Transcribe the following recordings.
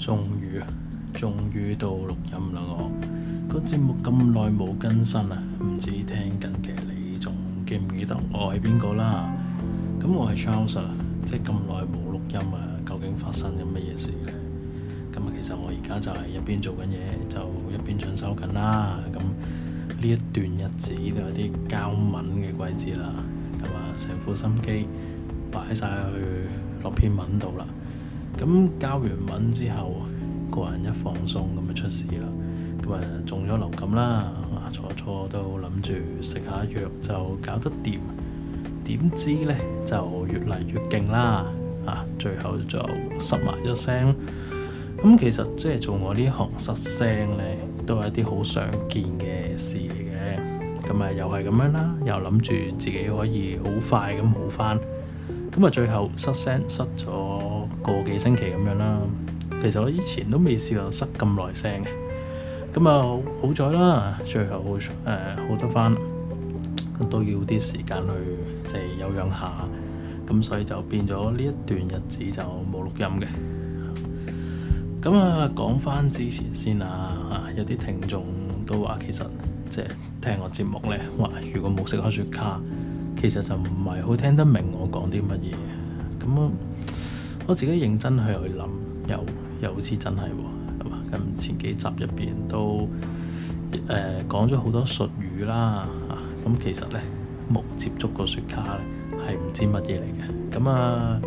終於啊，終於到錄音啦！我個節目咁耐冇更新啊，唔知聽緊嘅你仲記唔記得我係邊個啦？咁我係 Charles 啊，即係咁耐冇錄音啊，究竟發生咗乜嘢事咧？咁啊，其實我而家就係一邊做緊嘢，就一邊進修緊啦。咁呢一段日子都有啲交文嘅季節啦，咁啊，成副心機擺晒去落篇文度啦。咁交完文之後，個人一放鬆，咁咪出事啦。咁啊，中咗流感啦，初初都諗住食下藥就搞得掂，點知咧就越嚟越勁啦。啊，最後就失埋一聲。咁其實即係做我呢行失聲咧，都係一啲好常見嘅事嚟嘅。咁啊，又係咁樣啦，又諗住自己可以好快咁好返，咁啊，最後失聲失咗個幾星期咁樣啦，其實我以前都未試過塞咁耐聲嘅，咁啊好彩啦，最後誒好，呃，好得翻，都要啲時間去即係休養下，咁所以就變咗呢一段日子就冇錄音嘅。咁啊講翻之前先啊，有啲聽眾都話其實即係聽我節目咧，哇！如果冇食開雪茄，其實就唔係好聽得明我講啲乜嘢，咁我自己認真去去諗，又又好似真係喎、啊，咁、嗯、前幾集入邊都誒、呃、講咗好多術語啦，咁、啊、其實咧冇接觸過雪茄咧係唔知乜嘢嚟嘅，咁、嗯、啊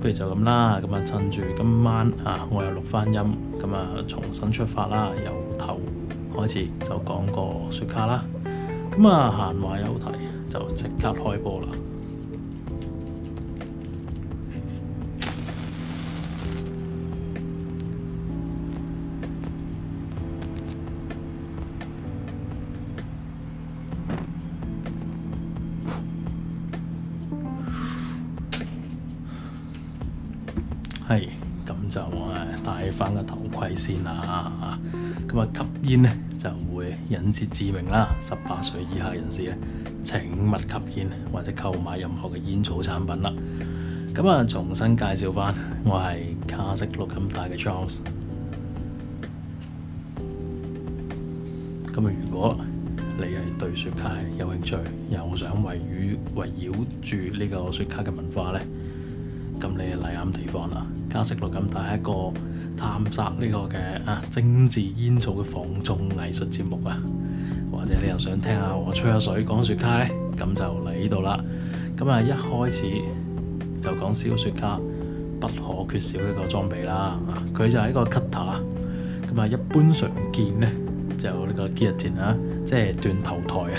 不如就咁啦，咁、嗯、啊趁住今晚啊，我又錄翻音，咁、嗯、啊重新出發啦，由頭開始就講過雪茄啦，咁、嗯、啊閒話休題，就即刻開播啦。危險啊！咁啊，吸煙呢就會引致致命啦。十八歲以下人士咧，請勿吸煙或者購買任何嘅煙草產品啦。咁啊，重新介紹翻，我係茄式錄音帶嘅 Charles。咁啊，如果你係對雪茄有興趣，又想圍與圍繞住呢個雪茄嘅文化呢，咁你嚟啱地方啦。茄式錄音帶係一個。探索呢個嘅啊精緻煙草嘅放縱藝術節目啊，或者你又想聽下我吹下水講雪茄咧，咁就嚟呢度啦。咁啊，一開始就講小雪茄不可缺少一個裝備啦。啊，佢就係一個 cutter 啊。咁啊，一般常見咧就呢個 guillotine 啊，即係斷頭台啊，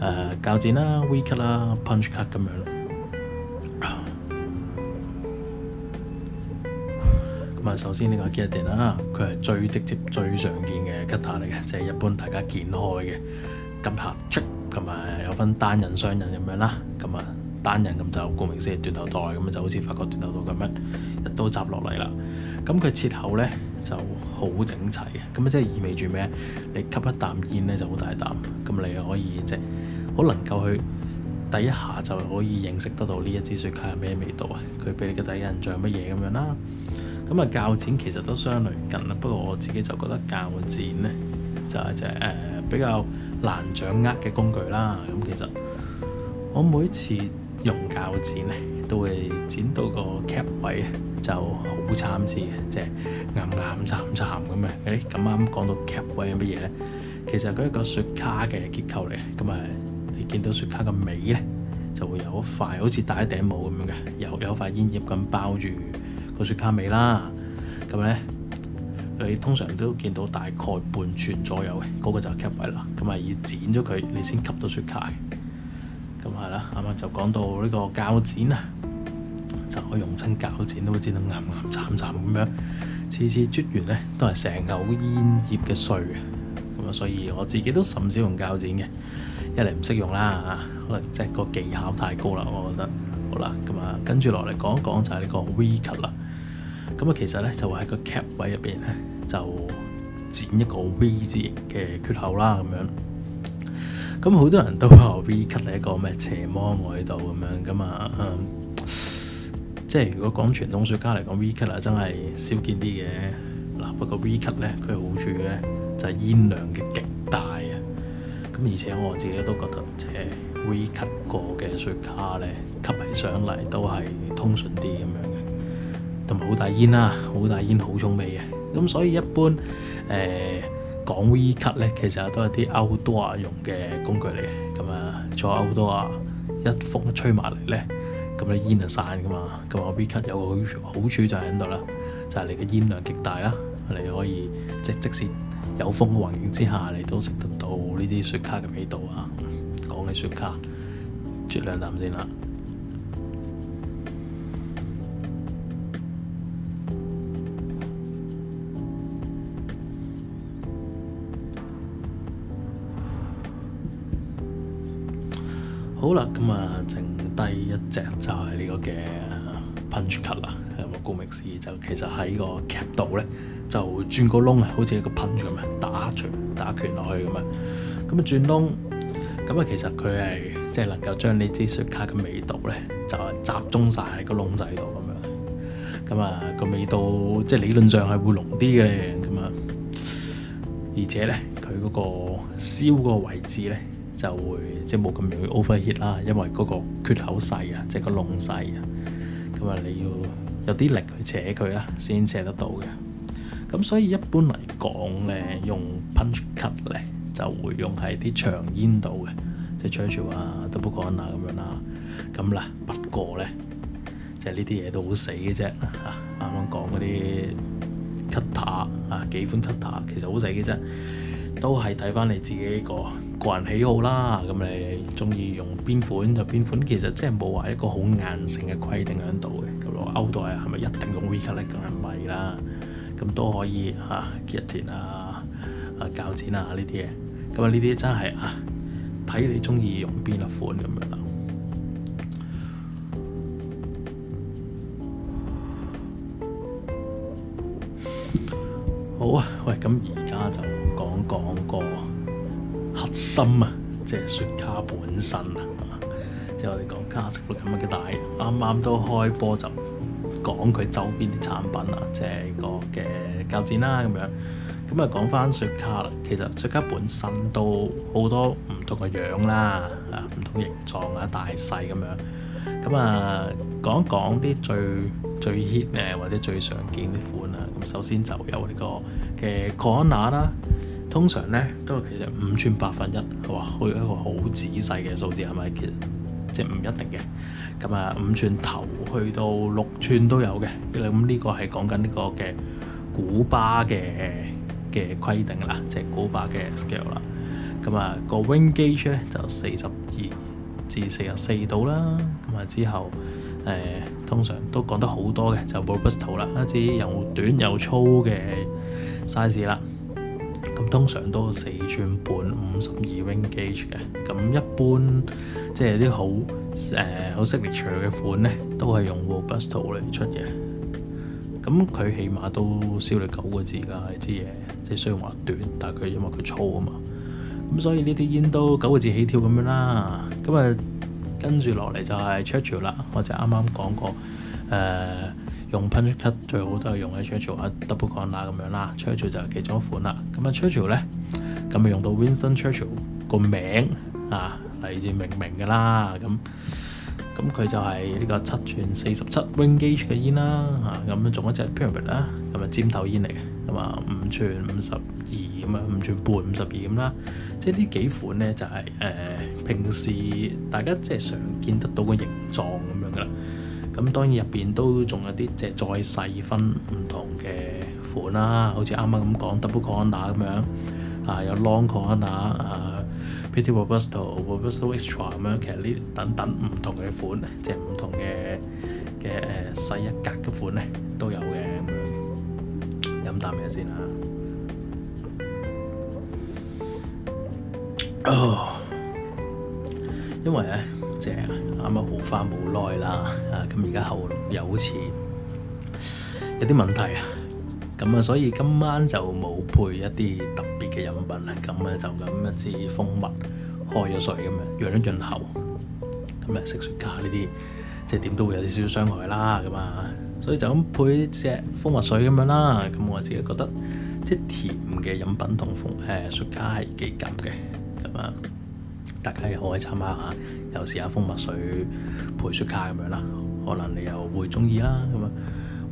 誒、啊，鉸剪啦、啊、V cut 啦、啊、punch cut 咁樣。首先呢個戒斷啦，佢係最直接、最常見嘅吉 u 嚟嘅，即係一般大家剪開嘅金拍 c h，同埋有分單人、雙人咁樣啦。咁啊，單人咁就顧名思義斷頭袋，咁就好似法國斷頭袋咁樣一刀斬落嚟啦。咁佢切口咧就好整齊嘅，咁啊即係意味住咩？你吸一啖煙咧就好大啖，咁你又可以即係好能夠去第一,一下就可以認識得到呢一支雪茄係咩味道啊？佢俾你嘅第一印象乜嘢咁樣啦？咁啊，鉸、嗯、剪其實都相類近啦，不過我自己就覺得鉸剪咧就係隻誒比較難掌握嘅工具啦。咁、嗯、其實我每次用鉸剪咧都會剪到個 cap 位就差、就是暗暗暗暗哎、好參差嘅，即係硬硬慘慘咁嘅。誒咁啱講到 cap 位係乜嘢咧？其實佢一個雪茄嘅結構嚟嘅。咁、嗯、啊，你見到雪茄嘅尾咧就會有一塊好似戴一頂帽咁樣嘅，有有塊煙葉咁包住。個雪茄尾啦，咁咧佢通常都見到大概半寸左右嘅，嗰個就係 cap 位啦。咁啊，要剪咗佢，你先吸到雪茄嘅。咁係啦，啱啱就講到呢個膠剪啊，就可以用親膠剪都剪到岩岩斬斬咁樣，次次啜完咧都係成嚿煙葉嘅碎嘅。咁啊，所以我自己都甚少用膠剪嘅，一嚟唔識用啦，可能即係個技巧太高啦，我覺得。好啦，咁啊，跟住落嚟講一講就係呢個 V-cut 啦。咁啊，其實咧就會喺個 cap 位入邊咧，就剪一個 V 字形嘅缺口啦，咁樣。咁好多人都話 V cut 係一個咩邪魔外道咁樣噶啊、嗯，即係如果講傳統雪茄嚟講，V cut 啊真係少見啲嘅嗱。不過 V cut 咧佢好處咧就係、是、煙量嘅極大啊。咁而且我自己都覺得，即係 V cut 過嘅雪茄咧，吸起上嚟都係通順啲咁樣。同埋好大煙啦，啊，好大煙，好重味嘅。咁所以一般誒、呃、講 V-cut 咧，其實都係啲 outdoor 用嘅工具嚟嘅。咁啊，再 outdoor，一風一吹埋嚟咧，咁你煙就散噶嘛。咁啊，V-cut 有個好處就喺度啦，就係、是、你嘅煙量極大啦，你可以即即使有風嘅環境之下，你都食得到呢啲雪茄嘅味道啊。嗯、講起雪茄，啜兩啖先啦。好啦，咁啊，剩低一隻就係呢個嘅 punch 卡啦，有、嗯、冇高明師就其實喺個卡度咧，就轉個窿啊，好似個 punch 咁啊，打拳打拳落去咁啊，咁啊轉窿，咁啊其實佢係即係能夠將呢支雪茄嘅味道咧，就係集中晒喺個窿仔度咁樣，咁、那、啊個味道即係理論上係會濃啲嘅，咁啊，而且咧佢嗰個燒個位置咧。就會即係冇咁容易 overheat 啦，因為嗰個缺口細啊，即係個窿細啊，咁啊你要有啲力去扯佢啦，先扯得到嘅。咁所以一般嚟講咧，用 punch cut 咧就會用喺啲長煙度嘅，即係 Churchill 啊 Double Corona 啊咁樣啦。咁啦，不過咧，即係呢啲嘢都好死嘅啫。嚇、啊，啱啱講嗰啲 cutter 啊，幾款 cutter 其實好死嘅啫。都係睇翻你自己個個人喜好啦，咁你中意用邊款就邊款，款其實即係冇話一個好硬性嘅規定喺度嘅。咁歐代係咪一定用 Xikar 梗係唔係啦，咁都可以嚇鉸剪啊、啊膠剪啊呢啲嘢。咁啊呢啲真係啊睇你中意用邊一款咁樣啦。好啊，喂，咁而家就。講講個核心啊，即係雪茄本身啊，即係我哋講卡值率咁嘅。但係啱啱都開波就講佢周邊啲產品啊，即係個嘅教戰啦咁樣。咁啊，講翻雪茄啦，其實雪茄本身都好多唔同嘅樣啦，樣啊，唔同形狀啊，大細咁樣。咁啊，講一講啲最最 hit 誒，或者最常見啲款啊。咁首先就有呢個嘅 Corona 啦。通常咧都其實五寸八分一哇，去一個好仔細嘅數字係咪？其實即係唔一定嘅。咁、嗯、啊，五寸頭去到六寸都有嘅。咁、這、呢個係講緊呢個嘅古巴嘅嘅規定啦，即係古巴嘅 scale 啦。咁、嗯、啊，個 wing gauge 咧就四十二至四十四度啦。咁啊之後誒、嗯，通常都講得好多嘅就 Robusto 啦，一啲又短又粗嘅 size 啦。咁通常都四寸半五十二 ring gauge 嘅，咁一般即係啲好誒好 signature 嘅款咧，都係用 robusto 嚟出嘅。咁佢起碼都燒你九個字㗎，支嘢即係雖然話短，但係佢因為佢粗啊嘛。咁所以呢啲煙都九個字起跳咁樣啦。咁啊跟住落嚟就係 Churchill 啦，我就啱啱講過誒。呃用 punch cut，最好都係用喺 Churchill 啊，Double Corona 咁樣啦。Churchill 就係其中一款啦。咁啊，Churchill 咧，咁啊用到 Winston Churchill 個名啊，嚟自命名噶啦。咁咁佢就係呢個七寸四十七 ring gauge 嘅煙啦。嚇、啊，咁、啊、仲一隻 Pyramid 啦，咁啊尖頭煙嚟嘅。咁啊，五寸五十二咁啊，五寸半五十二咁啦。即係呢幾款咧，就係、是、誒、呃、平時大家即係常見得到嘅形狀咁樣噶啦。咁當然入邊都仲有啲即係再細分唔同嘅款啦，啊，好似啱啱咁講 Double Corona 咁樣，啊有 Long Corona 啊 Petit Robusto，Robusto Extra 咁樣，其實呢等等唔同嘅款，即係唔同嘅嘅誒細一格嘅款咧都有嘅，飲啖嘢先嚇。哦、oh，因為咧。啱啱好返冇耐啦，啊咁而家喉嚨又好似有啲問題啊，咁啊，所以今晚就冇配一啲特別嘅飲品啦，咁啊，就咁一支蜂蜜開咗水咁樣，潤一潤喉，咁啊食雪茄呢啲，即係點都會有啲少少傷害啦，咁啊，所以就咁配只蜂蜜水咁樣啦，咁、啊、我自己覺得即係甜嘅飲品同蜂誒雪茄係幾夾嘅，咁啊。大家又可以參考下，有試下蜂蜜水陪雪卡咁樣啦。可能你又會中意啦咁啊。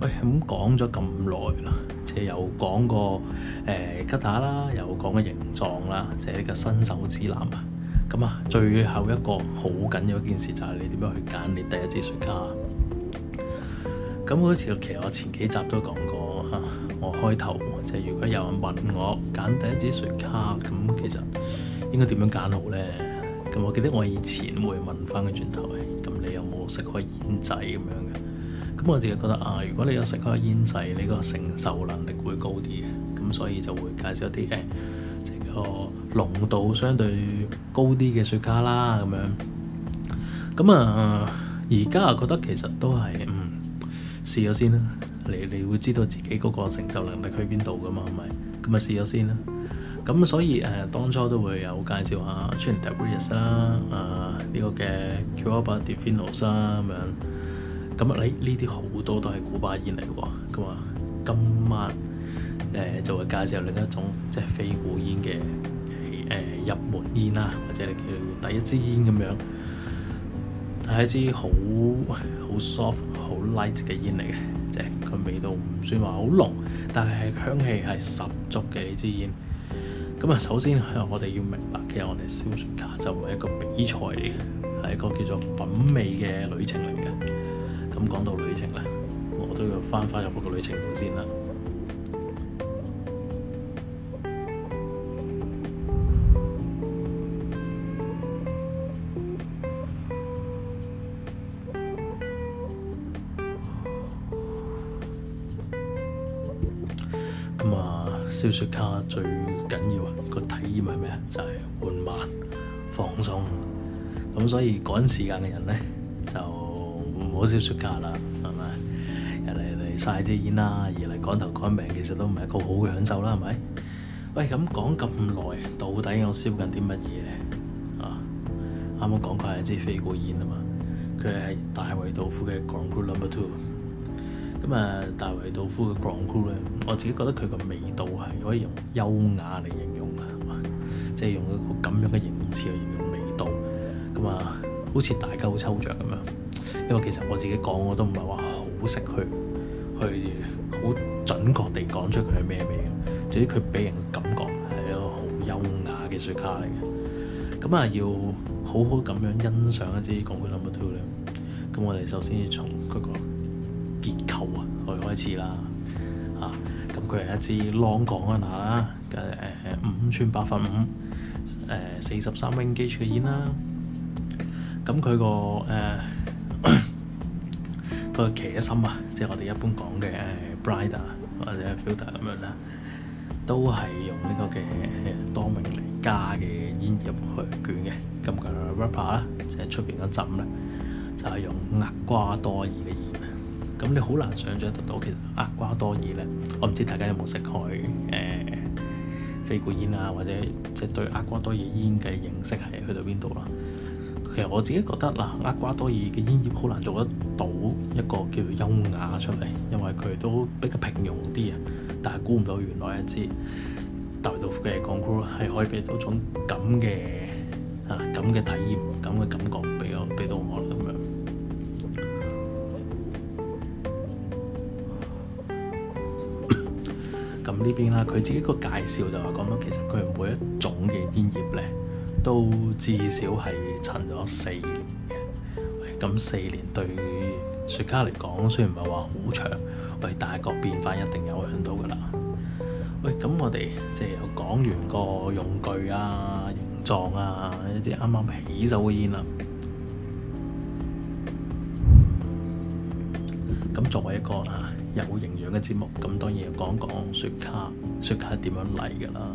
喂，咁講咗咁耐啦，即係有講過誒 cutter 啦，又講嘅形狀啦，即係呢個新手指南啊。咁啊，最後一個好緊要一件事就係，是，你點樣去揀你第一支雪卡。咁好似其實我前幾集都講過嚇、啊，我開頭即係如果有人問我揀第一支雪卡，咁其實應該點樣揀好咧？咁我記得我以前會問翻佢轉頭，咁你有冇食過煙仔咁樣嘅？咁我自己覺得啊，如果你有食過煙仔，你個承受能力會高啲嘅，咁所以就會介紹一啲誒，即係個濃度相對高啲嘅雪茄啦咁樣。咁啊，而家啊覺得其實都係嗯，試咗先啦，你你會知道自己嗰個承受能力去邊度㗎嘛？係咪？咁啊試咗先啦。咁所以誒、呃，當初都會有介紹下 Trinidadias 啦，啊呢、啊這個嘅 Cuaba Divinos e、啊、f 啦咁樣。咁你呢啲好多都係古巴煙嚟㗎嘛。今晚誒、呃、就會介紹另一種即係非古煙嘅誒入門煙啦，或者你叫第一支煙咁樣，係一支好好 soft 好 light 嘅煙嚟嘅，即係佢味道唔算話好濃，但係香氣係十足嘅呢支煙。咁啊，首先我哋要明白嘅，其實我哋燒雪茄就唔係一個比賽嚟嘅，係一個叫做品味嘅旅程嚟嘅。咁講到旅程咧，我都要翻翻入 𠮶 個旅程度先啦。燒雪茄最緊要啊個體驗係咩啊？就係、是、緩慢,慢放鬆，咁所以趕時間嘅人咧就唔好燒雪茄啦，係咪？人家人家一嚟嚟晒支煙啦，二嚟趕頭趕命，其實都唔係一個好嘅享受啦，係咪？喂，咁講咁耐，到底我燒緊啲乜嘢咧？啊，啱啱講過係支非古煙啊嘛，佢係大衛道夫嘅 Gone Group Number Two》。咁啊，大衛、嗯、杜夫嘅《Grand Cru》咧，我自己覺得佢個味道係可以用優雅嚟形容嘅，即係用一個咁樣嘅形，形容詞嚟形容味道。咁、嗯、啊、嗯，好似大家好抽象咁樣，因為其實我自己講我都唔係話好識去去好準確地講出佢係咩味。至於佢俾人嘅感覺係一個好優雅嘅雪茄嚟嘅。咁、嗯、啊、嗯，要好好咁樣欣賞一啲、no.《Grand Cru Number Two》咧。咁我哋首先要從結構去啊，佢開始啦啊，咁佢係一支 Long 港啊，嗱、呃、啦，誒誒五寸八分五，誒四十三蚊幾寸嘅煙啦。咁佢個誒佢嘅茄心啊，即係我哋一般講嘅 Binder 或者 Filter 咁樣啦，都係用個、啊、pper，呢個嘅多明尼加嘅煙入去捲嘅。咁佢 Wrapper 啦，即係出邊嗰浸咧，就係、是、用厄瓜多爾嘅煙。咁你好難想象得到，其實厄瓜多爾咧，我唔知大家有冇食開誒菲古煙啦、啊，或者即係、就是、對厄瓜多爾煙嘅認識係去到邊度啦？其實我自己覺得嗱，厄、啊、瓜多爾嘅煙葉好難做得到一個叫做優雅出嚟，因為佢都比較平庸啲啊。但係估唔到原來一支大為道夫嘅港箍，係可以俾到種咁嘅啊咁嘅體驗、咁嘅感覺俾我俾到我咁樣。咁呢邊啦，佢自己個介紹就話咁咯。其實佢每一種嘅煙葉咧，都至少係陳咗四年嘅。咁四年對雪茄嚟講，雖然唔係話好長，喂，大個變返一定有影響到㗎啦。喂，咁我哋即係有講完個用具啊、形狀啊，一啲啱啱起手嘅煙啦。咁作為一個啊～有營養嘅節目，咁當然要講講雪茄。雪茄點樣嚟㗎啦。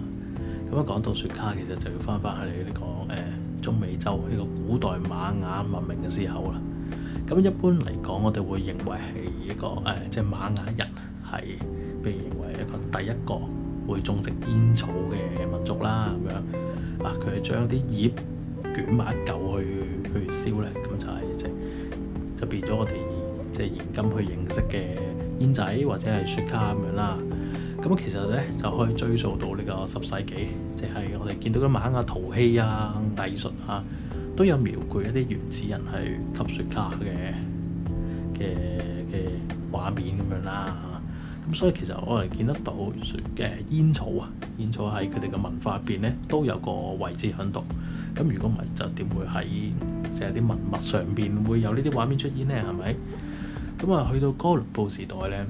咁一講到雪茄，其實就要翻翻去你你講誒、呃、中美洲呢、呢個古代瑪雅文明嘅時候啦。咁一般嚟講，我哋會認為係一個誒、呃，即係瑪雅人係被認為一個第一個會種植煙草嘅民族啦。咁樣啊，佢係將啲葉捲埋一嚿去去燒咧，咁就係即係就變咗我哋即係現今去認識嘅。煙仔或者係雪茄咁樣啦，咁啊其實咧就可以追溯到呢個十世紀，即係我哋見到啲馬雅陶器啊、藝術啊，都有描繪一啲原始人係吸雪茄嘅嘅嘅畫面咁樣啦。咁所以其實我哋見得到嘅煙草啊，煙草喺佢哋嘅文化入邊咧都有個位置響度。咁如果唔係就點會喺成日啲文物上邊會有呢啲畫面出現咧？係咪？咁啊，去到哥倫布時代咧，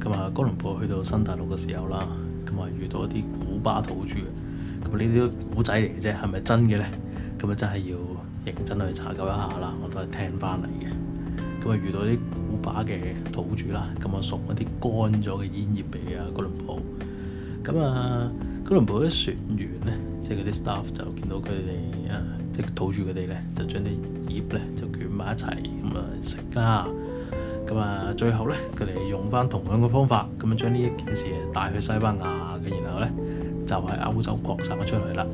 咁啊，哥倫布去到新大陸嘅時候啦，咁啊，遇到一啲古巴土著，咁呢啲古仔嚟嘅啫，係咪真嘅咧？咁啊，真係要認真去查究一下啦。我都係聽翻嚟嘅。咁啊，遇到啲古巴嘅土著啦，咁啊，送一啲乾咗嘅煙葉俾啊哥倫布。咁啊，哥倫布啲船員咧，即係嗰啲 staff 就見到佢哋啊。即套住佢哋咧，就將啲葉咧就捲埋一齊咁啊食啦。咁啊，最後咧佢哋用翻同樣嘅方法，咁樣將呢一件事帶去西班牙嘅，然後咧就喺歐洲擴散咗出去啦。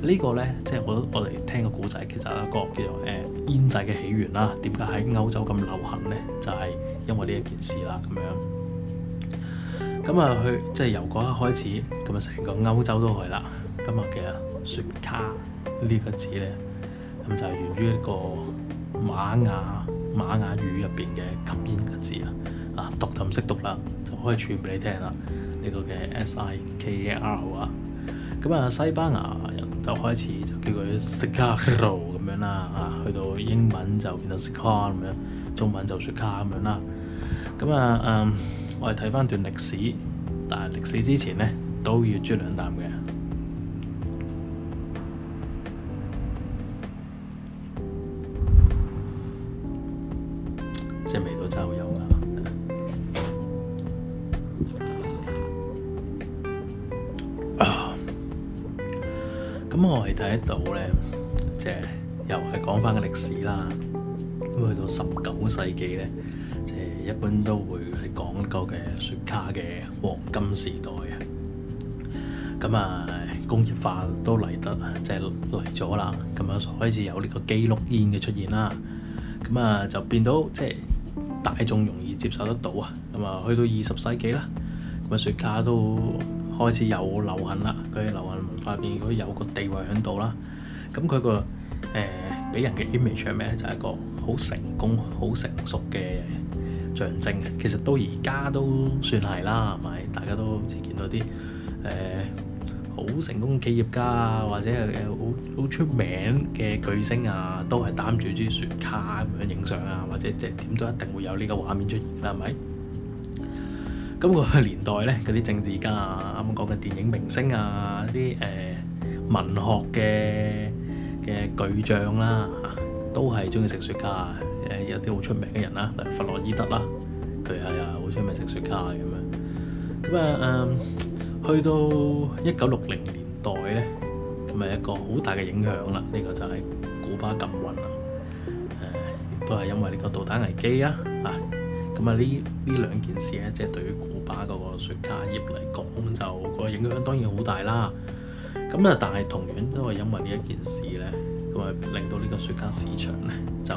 這個、呢、就是、個咧，即係我我哋聽個古仔，其實一、啊、個叫做誒、呃、煙製嘅起源啦、啊。點解喺歐洲咁流行咧？就係、是、因為呢一件事啦。咁樣咁啊，佢即係由嗰一刻開始，咁啊成個歐洲都去啦。今日嘅雪茄呢個字咧，咁就係源於一個瑪雅瑪雅語入邊嘅吸煙嘅字啊。啊讀就唔識讀啦，就開始傳俾你聽啦。呢、這個嘅 s i k a r 啊，咁啊西班牙人就開始就叫佢 cigarro 咁樣啦。啊，去到英文就變到 cigar 咁樣，中文就雪茄咁樣啦。咁啊，嗯，我哋睇翻段歷史，但係歷史之前咧都要啜兩啖嘅。啦，咁去到十九世紀咧，即係一般都會係講一個嘅雪茄嘅黃金時代啊。咁啊，工業化都嚟得，即係嚟咗啦。咁啊，開始有呢個機轆煙嘅出現啦。咁啊，就變到即係大眾容易接受得到啊。咁啊，去到二十世紀啦，咁啊，雪茄都開始有流行啦。佢喺流行文化入邊，佢有個地位喺度啦。咁佢個誒。欸俾人嘅 image 咩咧？就係一個好成功、好成熟嘅象徵嘅。其實到而家都算係啦，係咪？大家都好似見到啲誒好成功企業家啊，或者係誒好好出名嘅巨星啊，都係擔住啲雪茄咁樣影相啊，或者即係點都一定會有呢個畫面出現啦，係咪？咁個年代咧，嗰啲政治家啊，啱啱講嘅電影明星啊，啲誒文學嘅。嘅巨匠啦，都係中意食雪茄啊！誒，有啲好出名嘅人啦，例如弗洛伊德啦，佢係啊好出名食雪茄咁樣。咁啊，嗯，去到一九六零年代咧，咁啊一個好大嘅影響啦。呢個就係古巴禁運啊！誒，亦都係因為呢個導彈危機啊嚇。咁啊呢呢兩件事咧，即係對於古巴嗰個雪茄業嚟講，就個影響當然好大啦。咁啊，但係同樣都係因為呢一件事咧。令到呢個雪茄市場咧就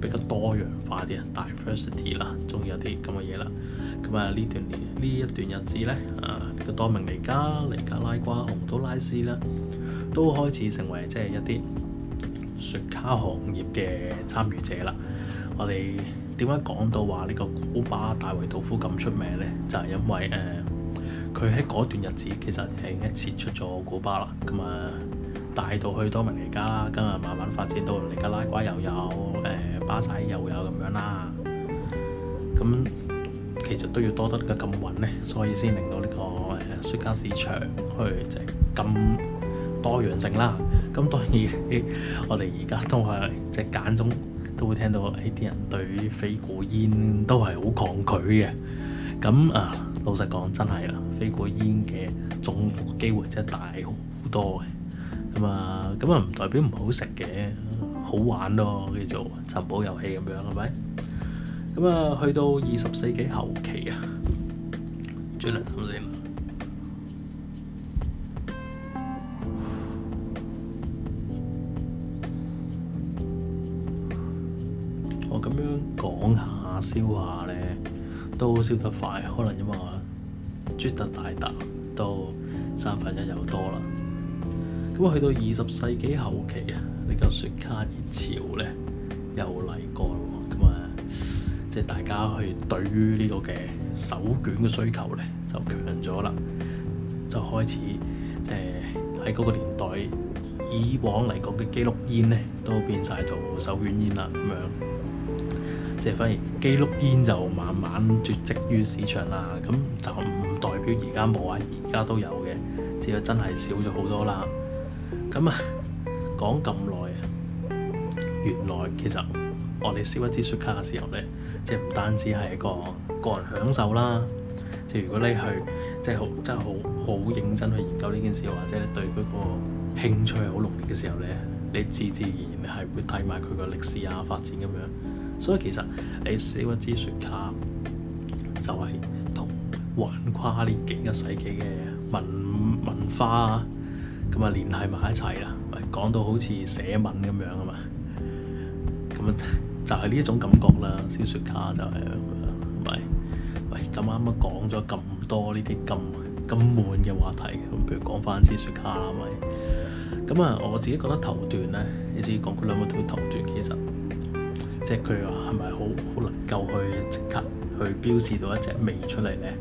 比較多元化啲啊，diversity 啦，鍾意一啲咁嘅嘢啦。咁啊呢段年呢一段日子咧啊，個多明尼加、尼加拉瓜、洪都拉斯啦，都開始成為即係、就是、一啲雪茄行業嘅參與者啦。我哋點解講到話呢個古巴大維道夫咁出名咧？就係、是、因為誒佢喺嗰段日子其實係撤出咗古巴啦，咁啊～帶到去多明尼加啦，今日慢慢發展到尼加拉瓜又有，誒、呃、巴西又有咁樣啦。咁、嗯、其實都要多得嘅咁運咧，所以先令到呢個誒雪茄市場去即係咁多樣性啦。咁、嗯、當然我，我哋而家都係即係簡中都會聽到，呢啲人對於飛古煙都係好抗拒嘅。咁、嗯、啊、嗯，老實講真係啊，飛古煙嘅中伏機會真係大好多嘅。咁啊，咁啊唔代表唔好食嘅，好玩咯，叫做尋寶遊戲咁樣係咪？咁啊，去到二十世紀後期啊，轉嚟點先？我咁樣講下燒下咧，都燒得快，可能因為我啜得大啖，到三分一又多啦。咁去到二十世紀後期啊，呢個雪茄熱潮咧又嚟過咁啊，即係大家去對於呢個嘅手卷嘅需求咧就強咗啦，就開始誒喺嗰個年代以往嚟講嘅基碌煙咧都變晒做手卷煙啦，咁樣即係反而基碌煙就慢慢絕跡於市場啦。咁就唔代表而家冇啊，而家都有嘅，只有真係少咗好多啦。咁啊，講咁耐，啊。原來其實我哋燒一支雪茄嘅時候咧，即係唔單止係一個個人享受啦。即係如果你去，即係好，即係好好認真去研究呢件事，或者你對佢個興趣好濃烈嘅時候咧，你自自然然係會睇埋佢個歷史啊、發展咁、啊、樣。所以其實你燒一支雪茄，就係同橫跨呢幾個世紀嘅文文化啊。咁啊，聯繫埋一齊啦！ 喂，講到好似寫文咁樣啊嘛，咁啊就係呢一種感覺啦。小雪茄就係咪？喂，咁啱啱講咗咁多呢啲咁咁悶嘅話題，咁譬如講翻小雪茄啦，咪咁啊？我自己覺得頭段咧，你知講佢兩個都頭段，其實即係佢話係咪好好能夠去即刻去標示到一隻味出嚟咧？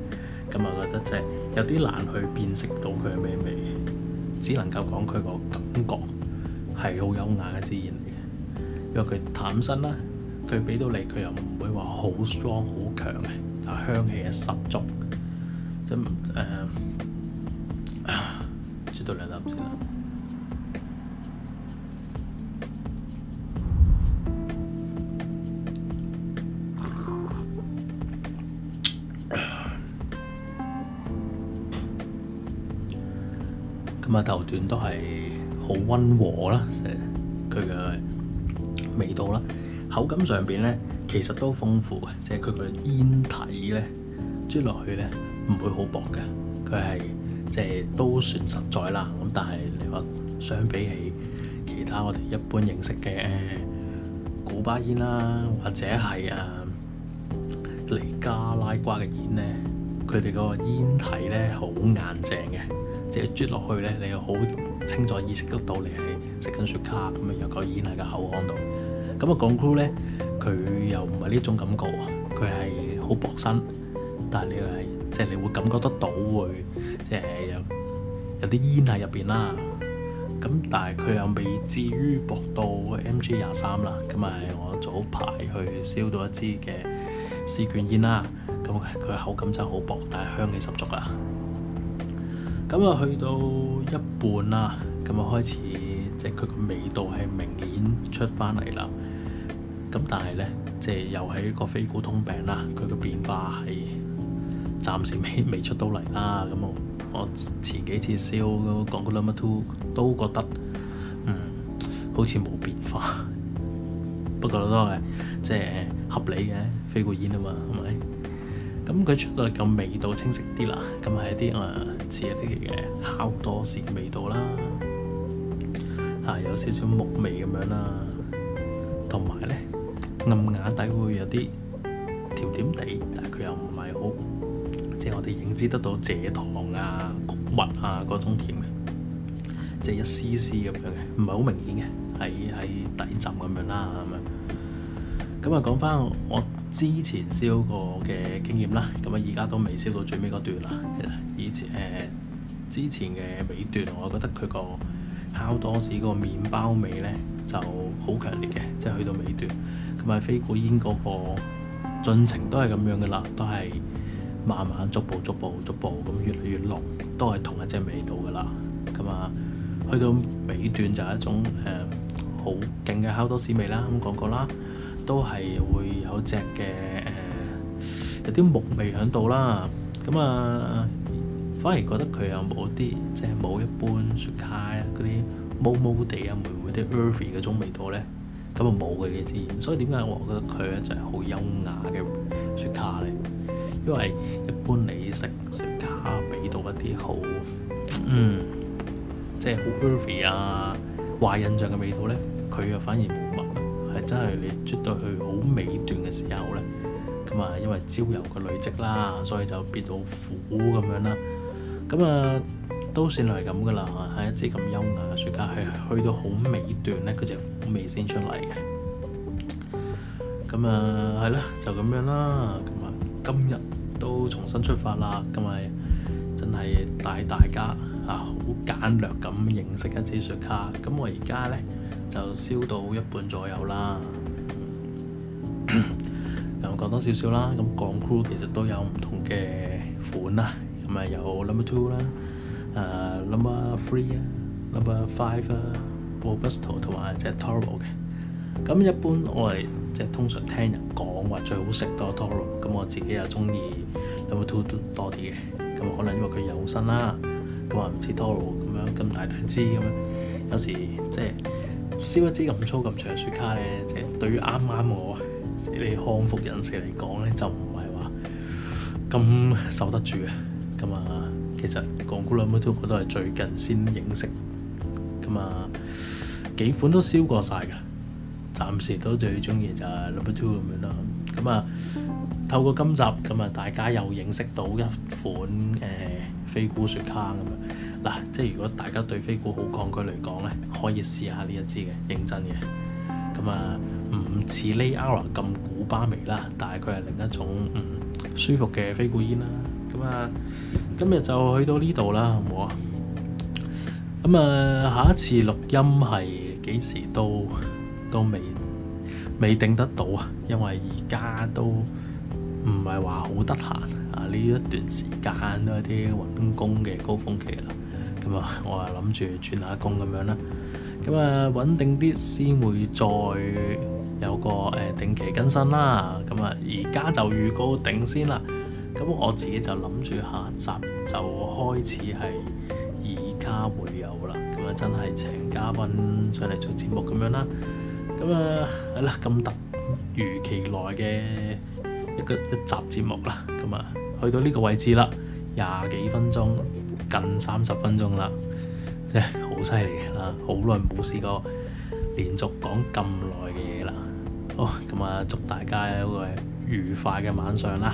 咁啊，覺得即係有啲難去辨識到佢係咩味。只能夠講佢個感覺係好優雅嘅自然，嘅，因為佢淡身啦，佢俾到你佢又唔會話好 strong 好強嘅，但香氣係十足，即係誒，啜、呃、到兩粒先啦。段都係好溫和啦，誒佢嘅味道啦，口感上邊咧其實都豐富嘅，即係佢個煙體咧啜落去咧唔會好薄嘅，佢係即係都算實在啦。咁但係你話相比起其他我哋一般認識嘅古巴煙啦、啊，或者係誒、啊、尼加拉瓜嘅煙咧，佢哋個煙體咧好硬淨嘅。你啜落去咧，你又好清楚意識得到你係食緊雪茄，咁樣有個煙喺個口腔度。咁啊，港 Cool 咧，佢又唔係呢種感覺，佢係好薄身，但係你又係即係你會感覺得到會即係有有啲煙喺入邊啦。咁但係佢又未至於薄到 Mg 廿三啦。咁咪我早排去燒到一支嘅試捲煙啦。咁佢口感真係好薄，但係香氣十足啊！咁啊，去到一半啦，咁啊開始即係佢個味道係明顯出翻嚟啦。咁但係咧，即係又係一個非古通病啦。佢個變化係暫時未未出到嚟啦。咁我我前幾次燒個《Gangnam Two》都覺得嗯好似冇變化。不過都係即係合理嘅非古煙啊嘛，係咪？咁佢出到嚟咁味道清晰啲啦。咁係一啲誒。似一啲嘅烤多士嘅味道啦，嚇、啊、有少少木味咁樣啦、啊，同埋咧暗瓦底會有啲甜甜地，但係佢又唔係好即係我哋認知得到蔗糖啊、谷物啊嗰種甜嘅，即、就、係、是、一絲絲咁樣嘅，唔係好明顯嘅喺喺底浸咁樣啦咁樣。咁啊，講翻我之前燒過嘅經驗啦，咁啊，而家都未燒到最尾嗰段啦。其實之前之前嘅尾段，我覺得佢個烤多士個麵包味咧就好強烈嘅，即係去到尾段，同埋飛古煙嗰個進程都係咁樣噶啦，都係慢慢逐步逐步逐步咁越嚟越濃，都係同一隻味道噶啦。咁啊，去到尾段就係一種誒好勁嘅烤多士味啦。咁講過啦，都係會有隻嘅誒有啲木味響度啦。咁、嗯、啊～反而覺得佢有冇一啲即係冇一般雪茄嗰啲毛毛地啊、黴黴啲 earthy 嗰種味道咧，咁啊，冇嘅你知。所以點解我覺得佢咧就係好優雅嘅雪茄咧？因為一般你食雪茄俾到一啲好嗯即係好 earthy 啊、壞印象嘅味道咧，佢又反而冇乜。係真係你啜到去好尾段嘅時候咧，咁啊因為焦油嘅累積啦，所以就變到苦咁樣啦。咁啊，都算係咁噶啦，喺、啊、一支咁優雅嘅雪茄，係去到好尾段咧，佢隻苦味先出嚟嘅。咁啊，係咯，就咁樣啦。咁啊，今日都重新出發啦，咁啊，真係帶大家啊，好簡略咁認識一支雪茄。咁、啊、我而家咧就燒到一半左右啦，咁講 多少少啦。咁港箍其實都有唔同嘅款啊。咁啊，有 2,、uh, number,、uh, number uh, two 啦，誒 number three 啊，number five 啊 Robusto 同埋隻 Toro 嘅。咁一般我係即係通常聽人講話最好食多 Toro，咁我自己又中意 number two 多啲嘅。咁可能因為佢有身啦，咁啊，唔似 Toro 咁樣咁大隻枝咁樣。有時即係、就是、燒一支咁粗咁長嘅雪茄咧，即、就、係、是、對於啱啱我你康復人士嚟講咧，就唔係話咁受得住嘅。咁啊、嗯，其實《狂骨 number two》都係最近先認識。咁啊、嗯，幾款都燒過晒㗎，暫時都最中意就係《number two》咁樣啦。咁、嗯、啊，透過今集咁啊、嗯，大家又認識到一款誒、呃、飛古雪茄咁樣嗱、嗯，即係如果大家對飛古好抗拒嚟講咧，可以試下呢一支嘅認真嘅。咁、嗯、啊，唔似《呢 o u r 咁古巴味啦，但係佢係另一種嗯舒服嘅飛古煙啦。咁啊，今日就去到呢度啦，好冇啊？咁啊，下一次錄音係幾時都都未未定得到啊，因為而家都唔係話好得閒啊。呢一段時間都係啲揾工嘅高峰期啦，咁啊，我啊諗住轉下工咁樣啦。咁啊，穩定啲先會再有個誒、呃、定期更新啦。咁啊，而家就預告定先啦。咁我自己就諗住下集就開始係而家會有啦。咁啊，真係請嘉賓上嚟做節目咁樣啦。咁啊，係啦，咁突如其來嘅一個一集節目啦。咁啊，去到呢個位置啦，廿幾分鐘，近三十分鐘啦，真係好犀利啦！好耐冇試過連續講咁耐嘅嘢啦。好，咁啊，祝大家有個愉快嘅晚上啦！